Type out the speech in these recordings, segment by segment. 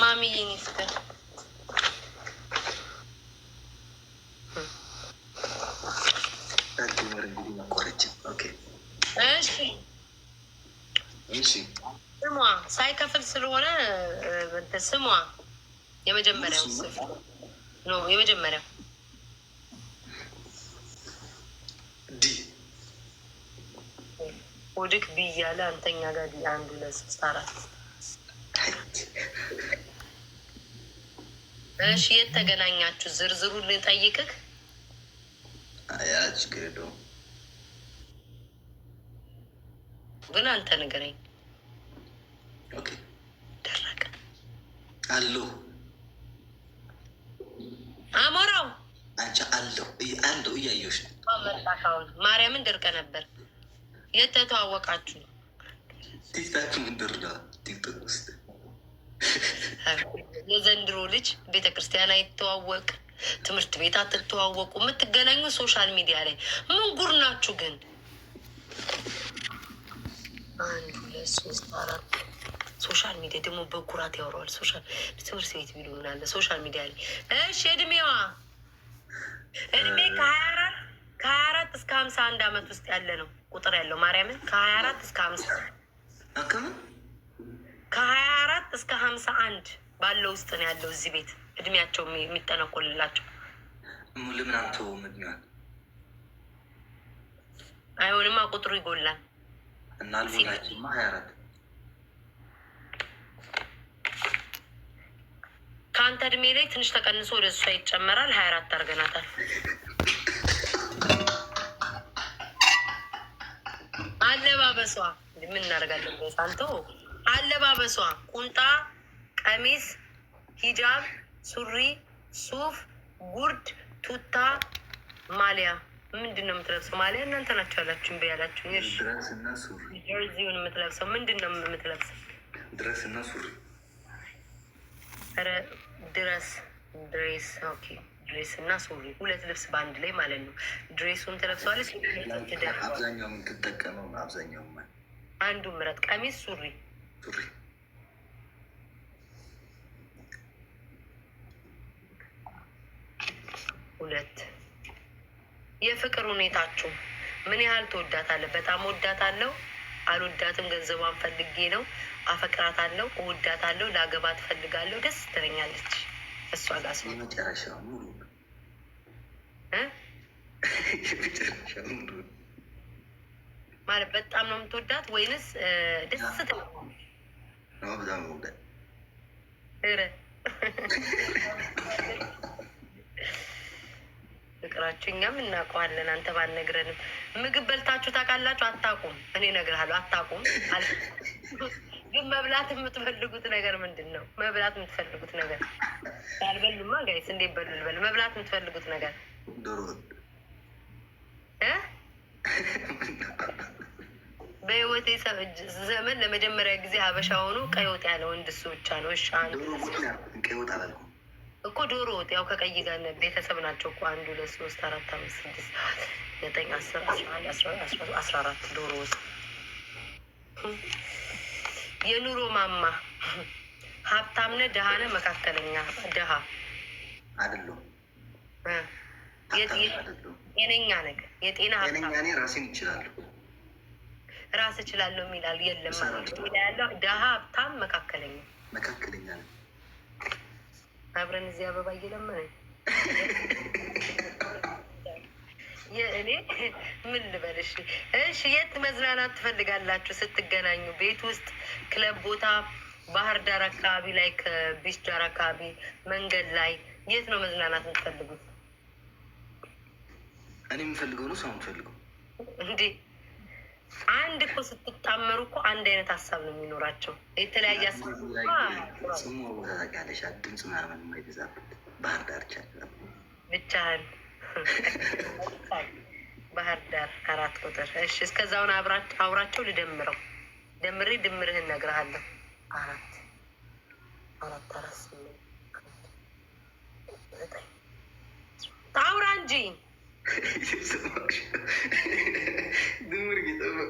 ማሚዬ ፍቅር ስሟ ሳይከፍል ስለሆነ ስሟ የመጀመሪያው ነው። የመጀመሪያው ዲ ወድቅ ብያለ አንተኛ ጋር አንድ ሁለት ሶስት አራት እሺ፣ የት ተገናኛችሁ? ዝርዝሩ ልጠይቅህ። ያች ግዶ ግን አንተ ንገረኝ። ደረቀ አሉ አሞራው አንቺ አለሁ አለሁ እያየሁሽ ነው። ማርያምን ደርቀ ነበር። የት ተተዋወቃችሁ? ቲክታክ ምንድር ነው? ቲክቶክ ውስጥ የዘንድሮ ልጅ ቤተ ክርስቲያን አይተዋወቅ፣ ትምህርት ቤት አትተዋወቁ፣ የምትገናኙ ሶሻል ሚዲያ ላይ ምን ጉር ናችሁ ግን? አንድ ሁለት ሶስት አራት ሶሻል ሚዲያ ደግሞ በኩራት ያወራዋል። ሶሻል ትምህርት ቤት ቢሉ ምናለ ሶሻል ሚዲያ ላይ እሺ። እድሜዋ እድሜ ከሀያ አራት ከሀያ አራት እስከ ሀምሳ አንድ አመት ውስጥ ያለ ነው ቁጥር ያለው ማርያምን ከሀያ አራት እስከ ሀምሳ ሀምሳ አንድ ባለው ውስጥ ነው ያለው እዚህ ቤት እድሜያቸው የሚጠነቆልላቸው ልምናንተው ምድሚዋል አይሆንማ ቁጥሩ ይጎላል እና ልቦናችንማ ሀያ አራት ከአንተ እድሜ ላይ ትንሽ ተቀንሶ ወደ እሷ ይጨመራል። ሀያ አራት አድርገናታል። አለባበሷ ምን እናደርጋለን? ሳንቶ አለባበሷ ቁንጣ ቀሚስ፣ ሂጃብ፣ ሱሪ፣ ሱፍ፣ ጉርድ፣ ቱታ፣ ማሊያ ምንድን ነው የምትለብሰው? ማሊያ እናንተ ናቸው ያላችሁን በያላችሁ ዚሁን የምትለብሰው ምንድን ነው የምትለብሰው? ድረስ እና ሱሪ ድረስ ድሬስ ኦኬ ድሬስ እና ሱሪ ሁለት ልብስ በአንድ ላይ ማለት ነው። ድሬሱን አብዛኛው የምትጠቀመው አብዛኛው አንዱ ምረት ቀሚስ ሱሪ ሱሪ ሁለት የፍቅር ሁኔታችሁ ምን ያህል ትወዳታለህ? በጣም ወዳታለሁ፣ አልወዳትም፣ ገንዘቧን ፈልጌ ነው፣ አፈቅራታለሁ፣ እወዳታለሁ፣ ለአገባ ትፈልጋለሁ፣ ደስ ትለኛለች። እሷ ጋር ማለት በጣም ነው የምትወዳት ወይንስ ደስ ትለ ፍቅራችሁ እኛም እናውቀዋለን። አንተ ባልነግረንም ምግብ በልታችሁ ታውቃላችሁ? አታውቁም። እኔ እነግርሃለሁ አታውቁም። ግን መብላት የምትፈልጉት ነገር ምንድን ነው? መብላት የምትፈልጉት ነገር ያልበሉማ ጋይስ እንዴት በሉ ልበል። መብላት የምትፈልጉት ነገር በህይወቴ ዘመን ለመጀመሪያ ጊዜ ሀበሻ ሆኖ ቀይ ወጥ ያለ ወንድ እሱ ብቻ ነው። እሺ አንድ ቀይ ወጥ አላልኩም እኮ ዶሮ ወጥ ያው ከቀይ ጋር ቤተሰብ ናቸው እኮ አንድ ሁለት ሶስት አራት አምስት ስድስት ዘጠኝ አስር አስራ አንድ አስራ አራት ዶሮ ወጥ የኑሮ ማማ ሀብታም ነህ ድሀ ነህ መካከለኛ ድሀ አይደለሁም ጤነኛ ነገር የጤና ሀብታም ራሴን እችላለሁ ራስ እችላለሁ የሚላል የለም ማለት ያለው ድሀ ሀብታም መካከለኛ መካከለኛ ነው አብረን እዚህ አበባ እየለመነኝ እኔ ምን ልበልሽ? እሺ የት መዝናናት ትፈልጋላችሁ ስትገናኙ? ቤት ውስጥ፣ ክለብ ቦታ፣ ባህር ዳር አካባቢ ላይ፣ ከቢች ዳር አካባቢ መንገድ ላይ የት ነው መዝናናት የምትፈልጉት? እኔ የምፈልገው ነው ሰው የምፈልገው እንዴ አንድ እኮ ስትጣመሩ እኮ አንድ አይነት ሀሳብ ነው የሚኖራቸው። የተለያየ ሀሳብ ድምፅ ምናምን የማይገዛበት ባህር ዳርቻ ብቻህን ባህር ዳር አራት ቁጥር። እሺ እስከዛውን አውራቸው ልደምረው። ደምሬ ድምርህን እነግርሃለሁ። አራት አራት አራት ስምንት አውራ እንጂ ድምር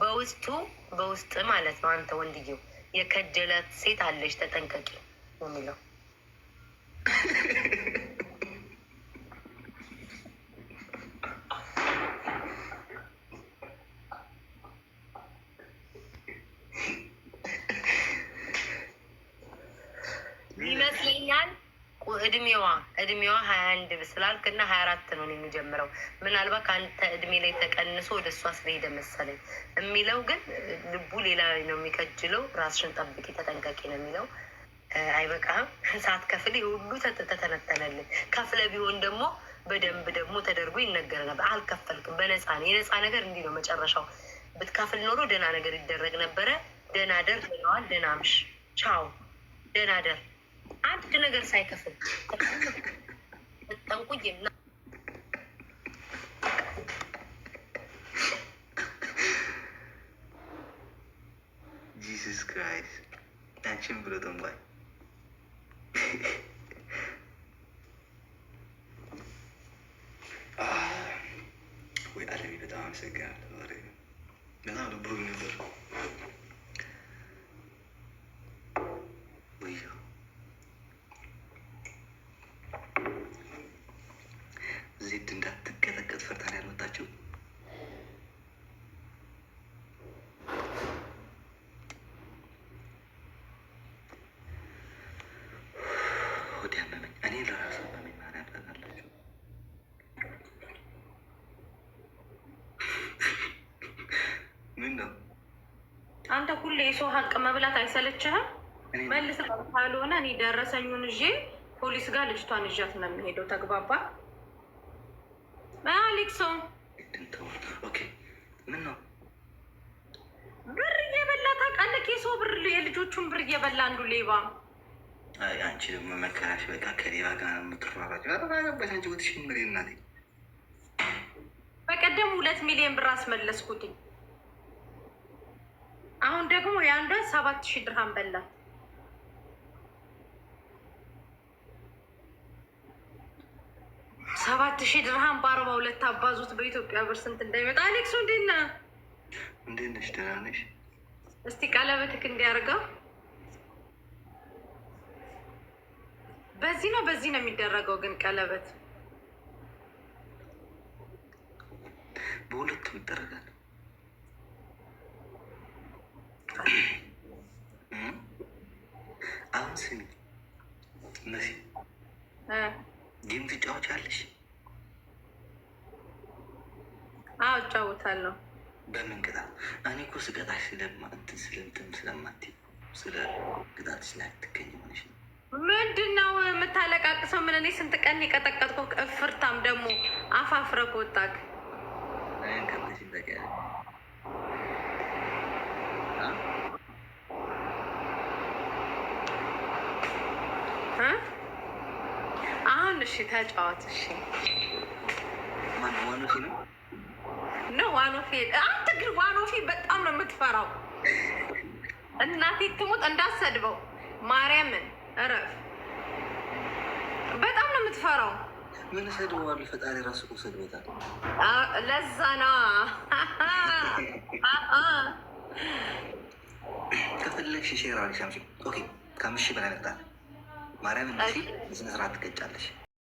በውስጡ በውስጥ ማለት ነው አንተ ወንድየው የከደላት ሴት አለች ተጠንቀቂ የሚለው እድሜዋ ሀያ አንድ ስላልክ እና ሀያ አራት ነው የሚጀምረው። ምናልባት ከአንተ እድሜ ላይ ተቀንሶ ወደ እሷ ስለሄደ መሰለኝ የሚለው ግን ልቡ ሌላ ነው የሚከጅለው። ራስሽን ጠብቂ፣ ተጠንቀቂ ነው የሚለው። አይበቃህም ሰዓት ከፍል ሁሉ ተተነተነልን። ከፍለ ቢሆን ደግሞ በደንብ ደግሞ ተደርጎ ይነገር ነበር። አልከፈልክም፣ በነፃ ነው። የነፃ ነገር እንዲህ ነው መጨረሻው። ብትከፍል ኖሮ ደህና ነገር ይደረግ ነበረ። ደህና ደር ብለዋል። ደህና ቻው፣ ደህና ደር አንድ ነገር ሳይከፍል ጠንቁዬ ጂሱስ ክራይስት አንቺን ብሎ ተንቧል። ወይ አለሚ በጣም አመሰግናለሁ። በጣም ልብሩ ነበር። የሰው ሀቅ መብላት አይሰለችህም? መልስ ካልሆነ እኔ ደረሰኙን እዤ ፖሊስ ጋር ልጅቷን እዣት ነው የሚሄደው። ተግባባ አሌክሶ? ብር እየበላ ታውቃለህ? የሰው ብር የልጆቹን ብር እየበላ አንዱ ሌባ። አንቺ ደግሞ መከራሽ በቃ ከሌባ ጋር የምትሯሯጭ አረጋገበት። አንቺ ወጥሽ በቀደም ሁለት ሚሊዮን ብር አስመለስኩትኝ አሁን ደግሞ የአንዷን ሰባት ሺህ ድርሃም በላት። ሰባት ሺህ ድርሃም በአርባ ሁለት አባዙት በኢትዮጵያ ብር ስንት እንዳይመጣ። አሌክሱ እንዴት ነህ? እንዴት ነሽ? ደህና ነሽ? እስቲ ቀለበትክ እንዲያርገው። በዚህ ነው በዚህ ነው የሚደረገው። ግን ቀለበት በሁለቱም ይደረጋል። ጌም ትጫወቻለሽ? አዎ እጫወታለሁ። በምን ቅጣት? እኔ እኮ ስቀጣሽ ስለማትን ስለምትም ስለማት ስለ ቅጣት ስላትገኝ ሆነሽ ነው። ምንድን ነው የምታለቃቅሰው? ምን እኔ ስንት ቀን የቀጠቀጥኩ እፍርታም ደግሞ አፋፍረህ ከወጣክ Huh? እሱን እሺ ተጫወት። እሺ ነው ዋኖፌ። አንተ ግን ዋኖፌ በጣም ነው የምትፈራው። እናቴ ትሙት እንዳሰድበው ማርያምን እረፍ። በጣም ነው የምትፈራው። ምን ሰድበዋል? ፈጣሪ ራሱ እኮ ሰድቦታል። ለዛ ነዋ ከፈለግሽ ሼር አልሻምሽ። ኦኬ ከምሽ በላይ ነቅጣል ማርያምን ስነስርዓት ትገጫለሽ።